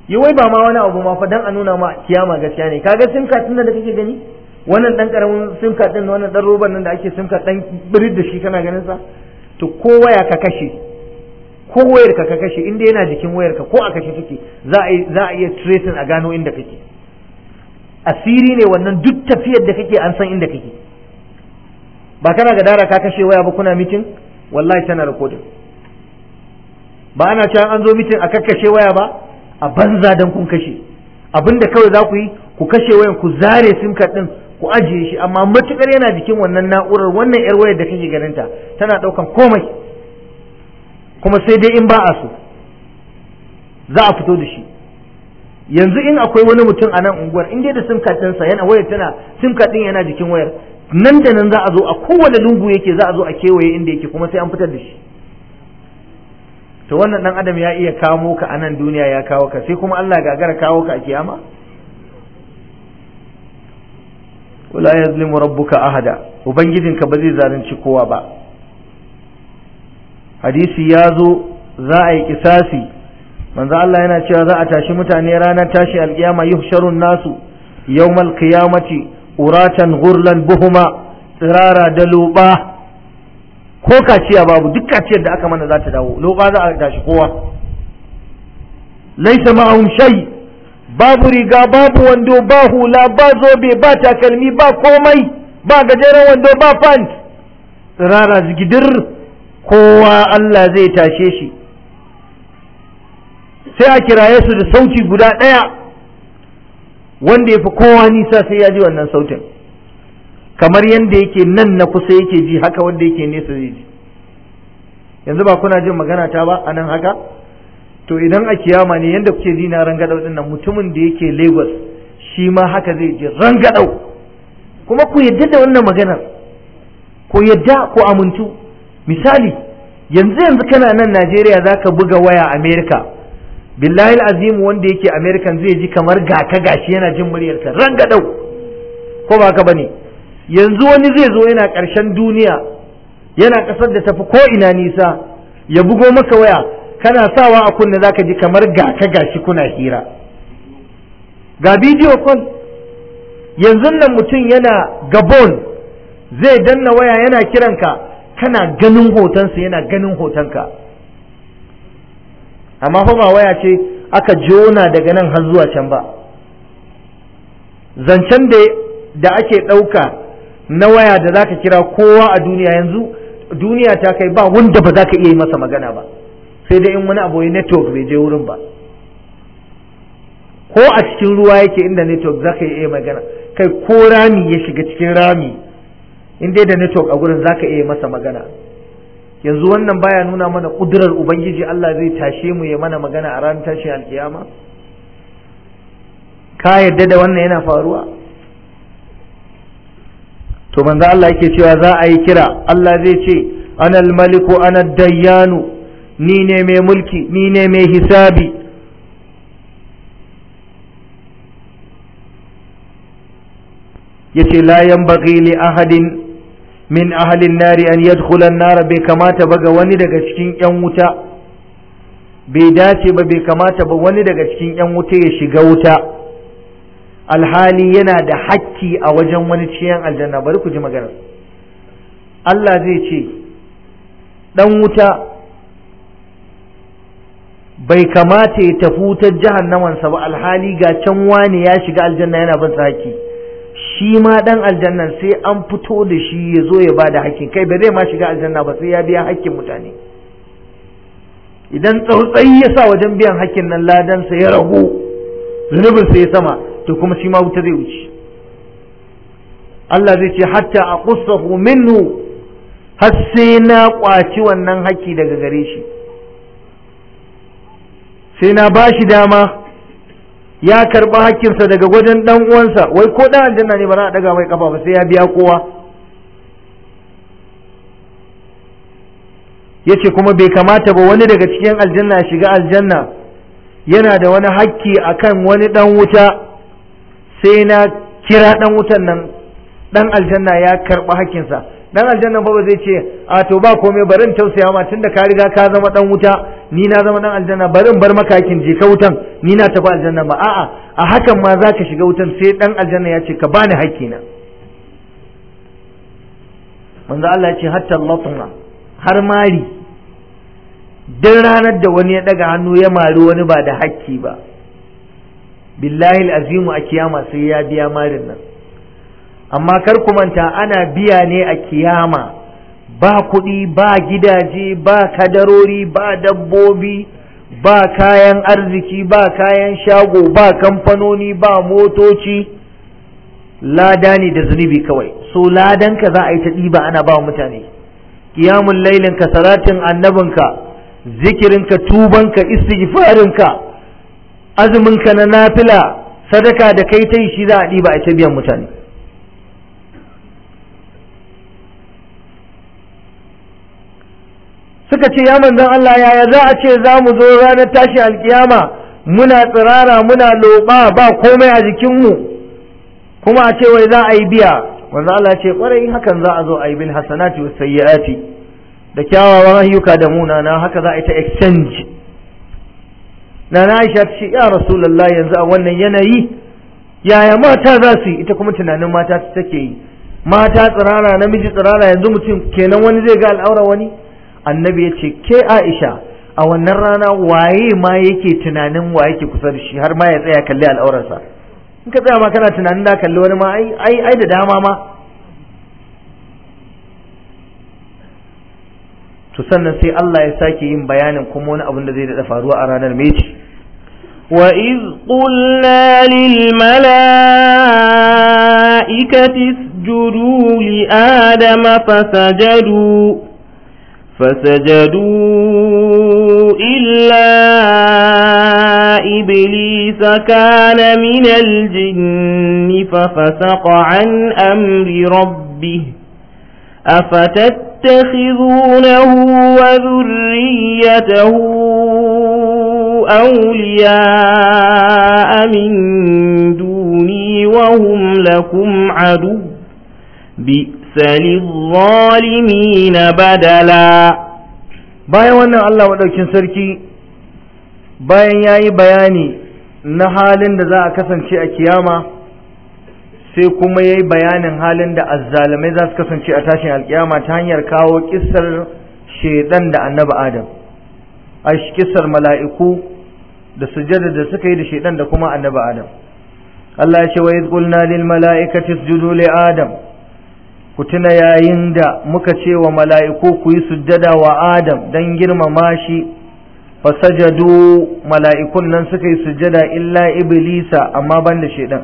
yi wai ba ma wani abu ma fa dan a nuna ma kiyama gaskiya ne kaga sim card da kake gani wannan dan karamin sim card din wannan dan roban nan da ake sim card dan birid da shi kana ganin sa to ko waya ka kashe ko wayar ka ka kashe inda yana jikin wayar ka ko a kashe take za a za a iya tracing a gano inda kake asiri ne wannan duk tafiyar da kake an san inda kake ba kana ga dara ka kashe waya ba kuna mitin wallahi tana recording ba ana cewa an zo mitin a kakkashe waya ba a banza dan kun kashe abinda kawai za ku yi ku kashe wayan ku zare sim card din ku ajiye shi amma matukar yana jikin wannan na'urar wannan yar wayar da kake ganin ta tana daukan komai kuma sai dai in ba a so za a fito da shi yanzu in akwai wani mutum a nan unguwar in dai da sim card ɗinsa yana wayar tana sim card ɗin yana jikin wayar nan da nan za a zo a kowane lungu yake za a zo a kewaye inda yake kuma sai an fitar da shi to wannan dan adam ya iya kamo ka a nan duniya ya kawo ka sai kuma Allah gagara kawo ka a kiyama wala yazlimu rabbuka ahada ubangijinka ba zai zalunci kowa ba hadisi ya zo za a yi kisasi manzo Allah yana cewa za a tashi mutane ranar tashi alkiyama yuhsharun nasu yawmal qiyamati uratan ghurlan buhuma tsirara da loba ko kaciya babu duk kaciyar da aka mana za ta dawo loba za a tashi kowa laysa ma'ahum shay babu riga babu wando ba hula ba zobe ba takalmi ba komai ba gajeren wando ba pant tsirara zigidir kowa Allah zai tashe shi sai a kiraye su da sauti guda ɗaya wanda ya fi kowa nisa sai ya ji wannan sautin kamar yadda yake nan na kusa yake ji haka wanda yake nesa zai ji yanzu ba kuna jin magana ta ba a nan haka to idan a kiyama ne yadda kuke zina ran rangadau din nan mutumin da yake Lagos shi ma haka zai ran rangadau kuma ku yadda da wannan maganar ku yadda ku amintu misali yanzu yanzu kana nan Najeriya za ka buga waya amerika billahi azim wanda yake American zai ji kamar gaka gashi yana jin ran rangadau ko ba ka bane yanzu wani zai zo yana ƙarshen duniya yana ƙasar da tafi ko ina nisa ya bugo maka waya kana sawa a kunne za ka ji kamar ga ka gashi kuna hira ga bidiyo kon yanzu nan mutum yana gabon zai danna waya yana kiranka kana ganin hotonsa yana ganin hotonka amma fa ba waya ce aka jona daga nan har zuwa can ba zancen da da ake ɗauka na waya da zaka kira kowa a duniya yanzu duniya ta kai ba wanda ba za ka iya yi masa magana ba sai dai in wani abu ya network bai je wurin ba ko a cikin ruwa yake inda network za ka iya magana kai ko rami ya shiga cikin rami in dai da network a gurin za ka iya masa magana yanzu wannan baya nuna mana kudurar ubangiji Allah zai tashe mu ya mana magana a ranar tashin alkiyama ka yadda da wannan yana faruwa to manzo Allah yake cewa za a yi kira Allah zai ce anal maliku anad dayyanu ni ne mai mulki ni ne mai hisabi yace la yanbaghi li ahadin min ahalin nari an yadkhula an-nar bai kamata ba wani daga cikin yan wuta bai dace ba bai kamata ba wani daga cikin yan wuta ya shiga wuta alhali yana da hakki a wajen wani ciyan aljanna bari ku ji magana Allah zai ce dan wuta bai kamata ya tafi wutar jahannamansa ba alhali ga can wani ya shiga aljanna yana bin haƙƙi shi ma dan aljannan sai an fito da shi ya zo ya bada haƙƙin kai ba zai ma shiga aljanna ba sai ya biya hakkin mutane idan tsautsayi ya sa wajen biyan hakkin nan ladansa ya ragu zunubin sai ya sama to kuma shi ma wuta zai wuce Allah zai ce hatta a minhu har sai na kwaci wannan hakki daga gare shi sai na ba shi dama ya karɓi hakkinsa daga wajen ɗan uwansa wai ko ɗan aljanna ne ba za a ɗaga mai ƙafa ba sai ya biya kowa ya ce kuma bai kamata ba wani daga cikin aljanna ya shiga aljanna yana da wani hakki kan wani ɗan wuta sai na kira ɗan wutan nan ɗan aljanna ya karɓi hakkinsa dan aljanna ba ba zai ce a to ba komai barin tausaya ma tunda ka riga ka zama dan wuta ni na zama dan aljanna barin bar makakin je ka wutan ni na tafi aljanna ba a'a a hakan ma za ka shiga wutan sai dan aljanna ya ce ka bani hakkina manzo Allah ya ce hatta latna har mari dan ranar da wani ya daga hannu ya mari wani ba da hakki ba billahi al'azimu a kiyama sai ya biya marin nan amma kar ku manta ana biya ne a kiyama ba kuɗi ba gidaje ba kadarori ba dabbobi ba kayan arziki ba kayan shago ba kamfanoni ba motoci lada ne da zunubi kawai so ladanka za a yi ta ɗiba ana ba mutane kiyamun lailinka salatin annabinka zikirinka tubanka istighfarinka azuminka na nafila sadaka da kai ta yi shi za a ɗiba a ta biyan mutane suka ce ya manzon Allah yaya za a ce za mu zo ranar tashi alkiyama muna tsirara muna loba ba komai a jikinmu kuma a ce wai za a yi biya manzon Allah ce kwarai hakan za a zo a yi bil hasanati was sayyiati da kyawawan ayyuka da munana haka za a yi ta exchange nana Aisha ce ya Rasulullah yanzu a wannan yanayi yaya mata za su yi ita kuma tunanin mata take yi mata tsirara namiji tsirara yanzu mutum kenan wani zai ga al'aura wani annabi ya ce ke aisha a wannan rana waye ma yake tunanin wa yake kusa da shi har ma ya tsaya kalli al'aurarsa in ka tsaya ma kana tunanin da kalli wani ma ai ai da dama ma to sannan sai Allah ya sake yin bayanin kuma wani abin da zai daɗa faruwa a ranar meci lil malaikati isjudu li Adama fasajadu. فسجدوا إلا إبليس كان من الجن ففسق عن أمر ربه أفتتخذونه وذريته أولياء من دوني وهم لكم عدو بئس للظالمين badala. bayan wannan Allah maɗaukin sarki bayan ya yi bayani na halin da za a kasance a kiyama sai kuma ya yi bayanin halin da azzalamai za su kasance a tashin alkiyama ta hanyar kawo kisar shaidan da annabi adam a kisar mala'iku da sujada da suka yi da shaidan da kuma annabi adam Allah ya ce wa iz qulna lil mala'ikati isjudu li adam ku tuna yayin da muka ce wa mala'iku ku yi sujjada wa Adam don girmama shi fasajadu mala'ikun nan suka yi sujjada illa iblisa amma ban da shaidan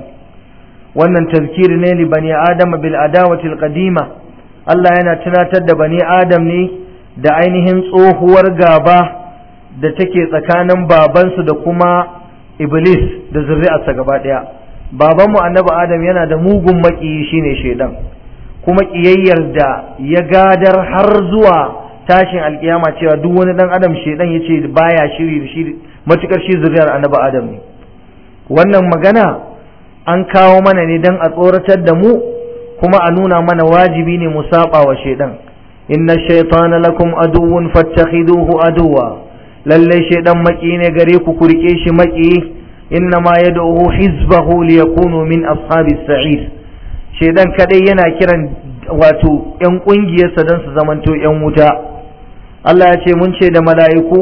wannan tazkiri ne li bani Adam bil adawatil qadima Allah yana tunatar da bani Adam ne da ainihin tsohuwar gaba da take tsakanin babansu da kuma iblis da zuri'arsa gaba ɗaya babanmu annabi adam yana da mugun maƙiyi shine shaidan kuma ƙiyayyar da ya gadar har zuwa tashin alkiyama cewa duk wani dan adam shedan yace baya shiri shi matukar shi zuriyar annabi adam ne wannan magana an kawo mana ne dan a tsoratar da mu kuma a nuna mana wajibi ne mu saba wa shedan inna shaytana lakum aduwwun fattakhiduhu aduwa lalle shedan maki ne gare ku ku rike shi maki inna ma yad'u hizbahu liyakunu min ashabis sa'ir shedan kadai yana kiran wato yan kungiyarsa don su zamanto yan wuta Allah ya ce mun ce da mala'iku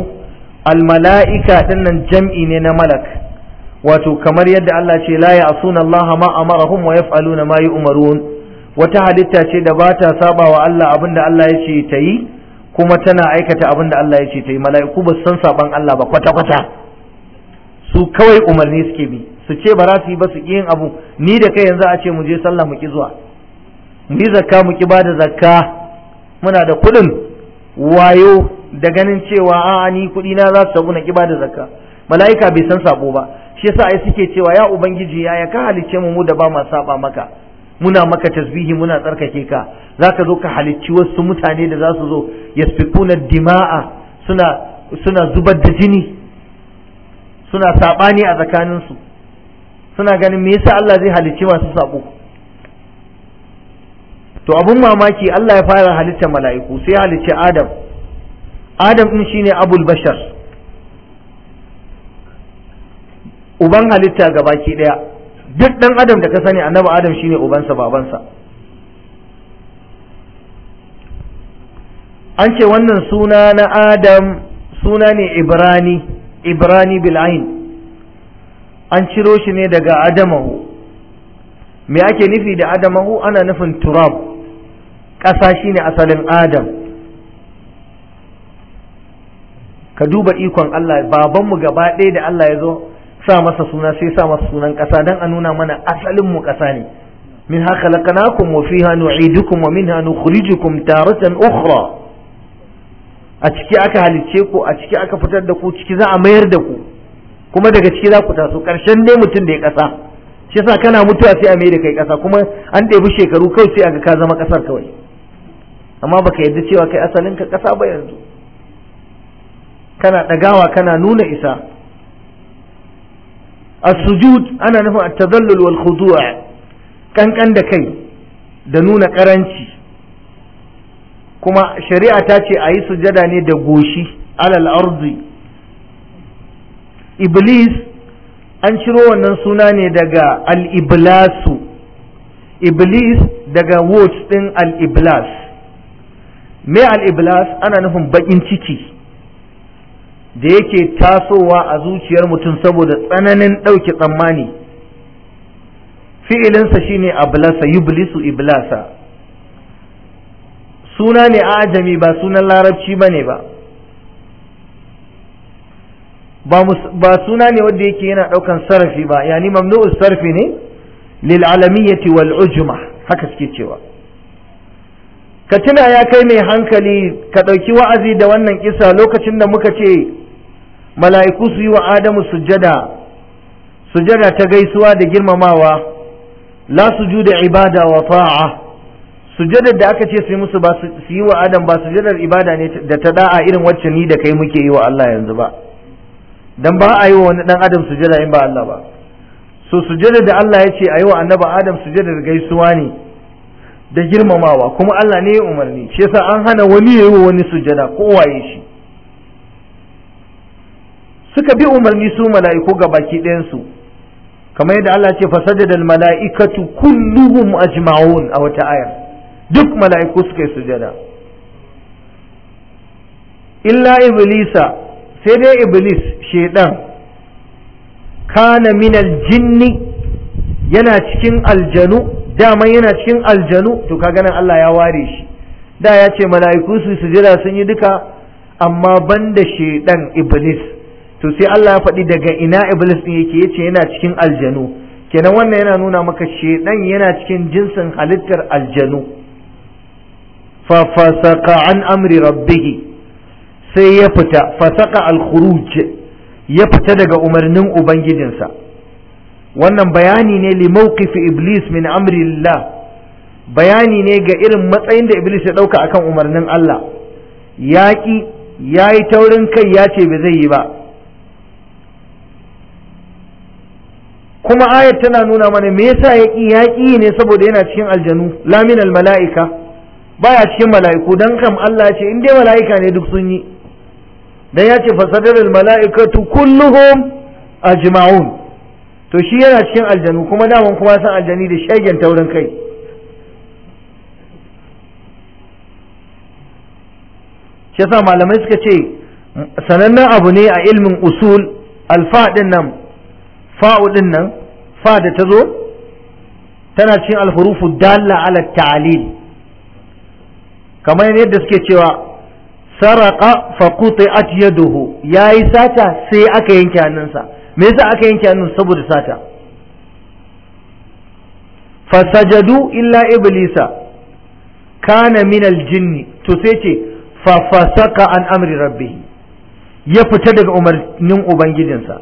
almala'ika nan jam'i ne na malak wato kamar yadda Allah ce la ya'suna Allah ma amarahum wa yaf'aluna ma yu'marun wata halitta ce da ba ta saba wa Allah abinda Allah ya ta yi kuma tana aikata abinda Allah yace ce ta yi mala'iku ba san saban Allah ba kwata-kwata su kawai umarni suke bi su ce ba za su yi ba su yin abu ni da kai yanzu a ce mu je sallah mu ki zuwa mu yi zakka mu ki bada zakka muna da kuɗin wayo da ganin cewa a'a ni kuɗi na za su tabu na ki bada zakka mala'ika bai san sabo ba shi yasa ai suke cewa ya ubangiji ya ya ka halicce mu mu da ba ma saba maka muna maka tasbihi muna tsarkake ka zaka zo ka halicci wasu mutane da za su zo yasfikuna dima'a suna suna zubar da jini suna sabani a tsakaninsu suna ganin me yasa Allah zai halicci masu sabo to abun mamaki Allah ya fara halitta mala'iku sai ya halicci Adam Adam din shine abul bashar uban halitta gabaki daya duk dan adam da ka sani annabi adam shine ubansa babansa an ce wannan suna na adam suna ne ibrani ibrani bil'ain an ciro shi ne daga adamahu me ake nufi da adamahu ana nufin turab ƙasa shi ne asalin adam ka duba ikon Allah babanmu gaba ɗaya da Allah ya zo sa masa suna sai sa masa sunan ƙasa don a nuna mana asalinmu ƙasa ne min ha hannu wa hannu nu'idukum wa hannu kurijikun taratan ukhra a ciki aka halicce ku a ciki aka fitar da ku ciki za a mayar da ku kuma daga ciki za ku taso karshen dai mutum da ya kasa shi yasa kana mutuwa sai a mai kai kasa kuma an ɗebi shekaru kawai sai ga ka zama kasar kawai amma baka yarda cewa kai asalin ka kasa ba yanzu kana ɗagawa kana nuna isa asujud sujud ana nufin at-tadallul wal khudu' kankan da kai da nuna karanci kuma shari'a ta ce a yi sujada ne da goshi alal ardi iblis an ciro wannan suna ne daga al-iblasu iblis daga words din al-iblas me al-iblas ana nufin bakin ciki da yake tasowa a zuciyar mutum saboda tsananin ɗauke tsammani fi'ilinsa shine ablasa yublisu iblasa suna ne a ajami ba sunan larabci bane ba ba suna ne wanda yake yana daukan sarfi ba yani mamnu'us sarfi ne lil alamiyyati wal ujma haka suke cewa ka tuna ya kai mai hankali ka ɗauki wa'azi da wannan kisa lokacin da muka ce mala'iku su yi wa adamu sujjada sujjada ta gaisuwa da girmamawa la da ibada wa ta'a sujada da aka ce su yi musu ba su yi wa adam ba sujjadar ibada ne da ta da'a irin wacce ni da kai muke yi wa Allah yanzu ba dan ba a yi wa wani dan adam sujada in ba Allah ba so sujada da Allah ya ce a yi wa annabi adam sujada da gaisuwa ne da girmamawa kuma Allah ne ya umarni shi yasa an hana wani ya yi wa wani sujada ko waye shi suka bi umarni su mala'iku ga baki ɗayan su kamar yadda Allah ce da mala'ikatu kulluhum ajma'un a wata ayar duk mala'iku suka yi sujada illa iblisa sai dai iblis shedan kana min jinni yana cikin aljanu dama yana cikin aljanu to kaga nan Allah ya ware shi da ya ce mala'iku su sujira sun yi duka amma banda shedan iblis to sai Allah ya faɗi daga ina iblis din yake yace yana cikin aljanu kenan wannan yana nuna maka shedan yana cikin jinsin halittar aljanu fa fasaqa an amri rabbihi sai ya fita fasaka al-khuruj ya fita daga umarnin ubangijinsa wannan bayani ne li mawqif iblis min amrillah bayani ne ga irin matsayin da iblis ya dauka akan umarnin Allah yaki yayi taurin kai ya ce ba zai yi ba kuma ayat tana nuna mana me yasa yaki yaki ne saboda yana cikin aljanu laminal mala'ika baya cikin mala'iku dan kam Allah ya ce in dai mala'ika ne duk sun yi dan ya ce fasadar mala'ikatu kulluhum ajma'un to shi yana cikin aljanu kuma daman kuma san aljani da shagen taurin kai shi yasa malamai suka ce sanannen abu ne a ilmin usul alfa din nan fa'u din nan fa da ta zo tana cikin alhurufu dalla ala ta'lil kamar yadda suke cewa saraka fa quti'at yaduhu yayi sata sai aka yanke hannunsa me yasa aka yanke hannun saboda sata fasajadu illa iblisa kana min aljinni to sai ce fa fasaka an amri rabbih ya fita daga umarnin ubangijinsa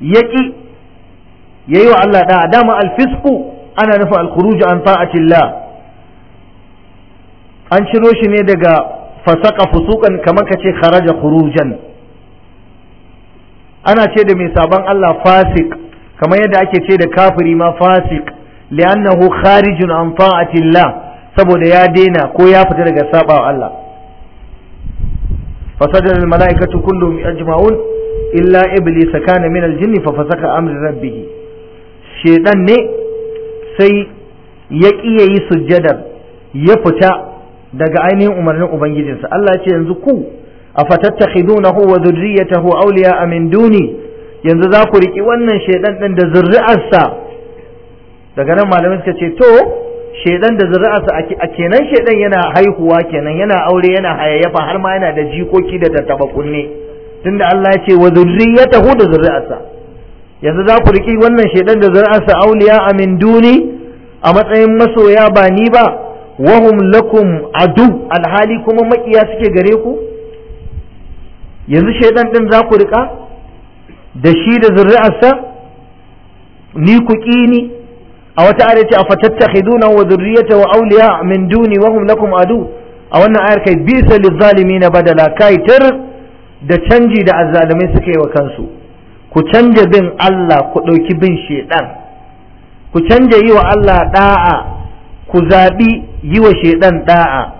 ya yayi wa Allah da dama alfisku ana nufin alkhuruj an ta'atillah an ciro shi ne daga fasaka fusukan kamar ka ce kharaja khurujan ana ce da mai sabon Allah fasik kamar yadda ake ce da kafiri ma fasik li'annahu kharijun an ta'atillah saboda ya daina ko ya fita daga sabawa Allah fasajada al-mala'ikatu kullum ajma'un illa iblis kana min al-jinn fa fasaka amri rabbih shaytan ne sai ya ƙi sujjadar ya fita daga ainihin umarnin ubangijinsa Allah ya ce yanzu ku a afatattakhidunahu wa dhurriyyatahu awliya min duni yanzu za ku riki wannan shedan din da zuri'arsa daga nan malamai suka ce to shedan da zuri'arsa a kenan shedan yana haihuwa kenan yana aure yana hayayyafa har ma yana da jikoki da tattaba tunda Allah ya ce wa dhurriyyatahu da zuri'arsa yanzu za ku riki wannan shedan da zuri'arsa awliya min duni a matsayin masoya ba ni ba wahum lakum adu alhali kuma makiya suke gare ku yanzu shaiɗan din za ku rika da shi da zuri'arsa ni ku kini a wata ayar ce afatattakhiduna wa dhurriyyata wa awliya min duni wa hum lakum adu a wannan ayar kai bisa lizzalimina badala kai tir da canji da azzalimai suka wa kansu ku canza bin Allah ku ɗauki bin shaiɗan, ku canza yi wa Allah da'a ku zaɓi yi wa shaidan da'a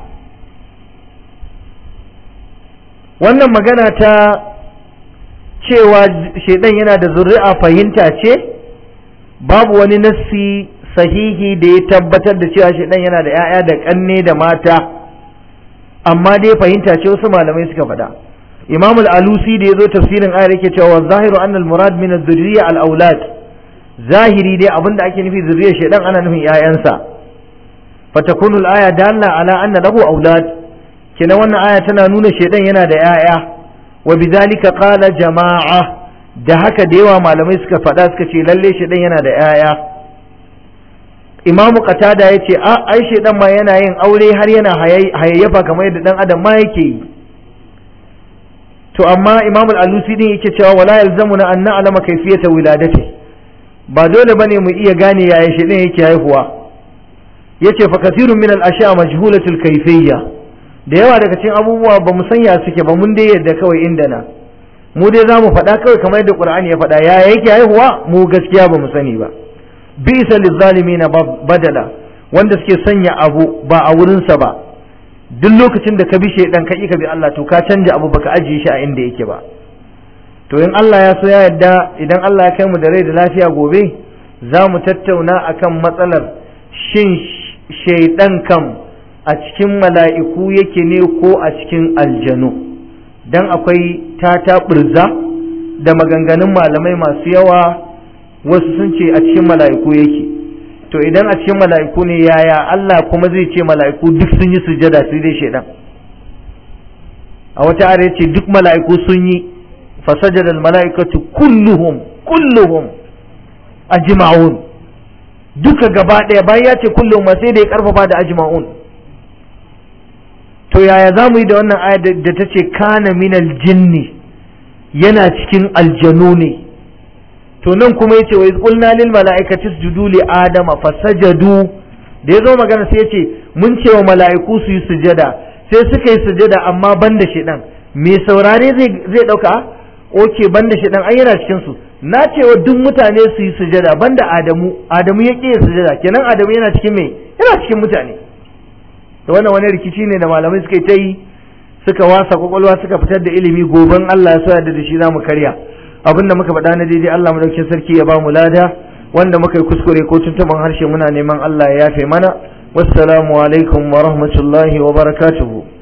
wannan magana ta cewa shaidan yana da zuri'a fahimta ce babu wani nassi sahihi da ya tabbatar da cewa shaidan yana da 'ya'ya da kanne da mata amma dai fahimta ce wasu malamai suka faɗa imamul alusi da ya zo tafsirin ayar yake cewa zahiru annal murad min az-zurriya al-awlad zahiri dai abinda ake nufi zuriyar shaidan ana nufin 'ya'yansa fatakunul aya dalla ala anna lahu aulad kina wannan aya tana nuna shedan yana da yaya wa bidhalika qala jama'a da haka da yawa malamai suka faɗa suka ce lalle shedan yana da yaya imamu qatada yace a ai shedan ma yana yin aure har yana hayayyafa kamar yadda dan adam ma yake yi to amma imamu al-alusi din yake cewa wala yalzamuna an na'lama kayfiyata wiladati ba dole bane mu iya gane yaya shedan yake haihuwa yace fa kathirun min al-ashya majhulatul kayfiyya da yawa daga cikin abubuwa ba mu sanya suke ba mun dai yadda kawai inda na mu dai za mu faɗa kawai kamar yadda Qur'ani ya faɗa ya yake haihuwa mu gaskiya ba mu sani ba bisa lizzalimina badala wanda suke sanya abu ba a wurinsa ba duk lokacin da ka bi shaidan ka ka bi Allah to ka canja abu baka ajiye shi a inda yake ba to in Allah ya so ya yadda idan Allah ya kai mu da rai da lafiya gobe za mu tattauna akan matsalar shin shaidan kam a cikin mala'iku yake ne ko a cikin aljanu don akwai tata ɓirza da maganganun malamai masu yawa wasu sun ce a cikin mala'iku yake to idan a cikin mala'iku ne yaya Allah kuma zai ce mala'iku duk sun yi sujada sai dai shaidan a wata are ce duk mala'iku sun yi fasajada mala'ikatu kulluhum kulluhum ajma'un duka gaba ɗaya bayan ya ce kullum ma sai da ya karfafa da ajma'un to yaya za mu yi da wannan aya da ta ce kana minal jinni yana cikin aljanu ne to nan kuma yace wa kulna lil mala'ikati isjudu li adama fasajadu da ya zo magana sai ya ce mun ce wa mala'iku su yi sujada sai suka yi sujada amma banda shedan me saurare zai zai dauka ah, oke banda shedan ai yana cikin su na cewa duk mutane su yi sujada banda Adamu Adamu ya ƙi sujada kenan Adamu yana cikin me yana cikin mutane to wannan wani rikici ne da malamai suka ta yi suka wasa kwakwalwa suka fitar da ilimi goben Allah ya soya da shi za mu karya abin da muka faɗa na daidai Allah mu dauke sarki ya ba mu lada wanda muka yi kuskure ko tuntuban harshe muna neman Allah ya yafe mana wassalamu alaikum wa rahmatullahi wa barakatuhu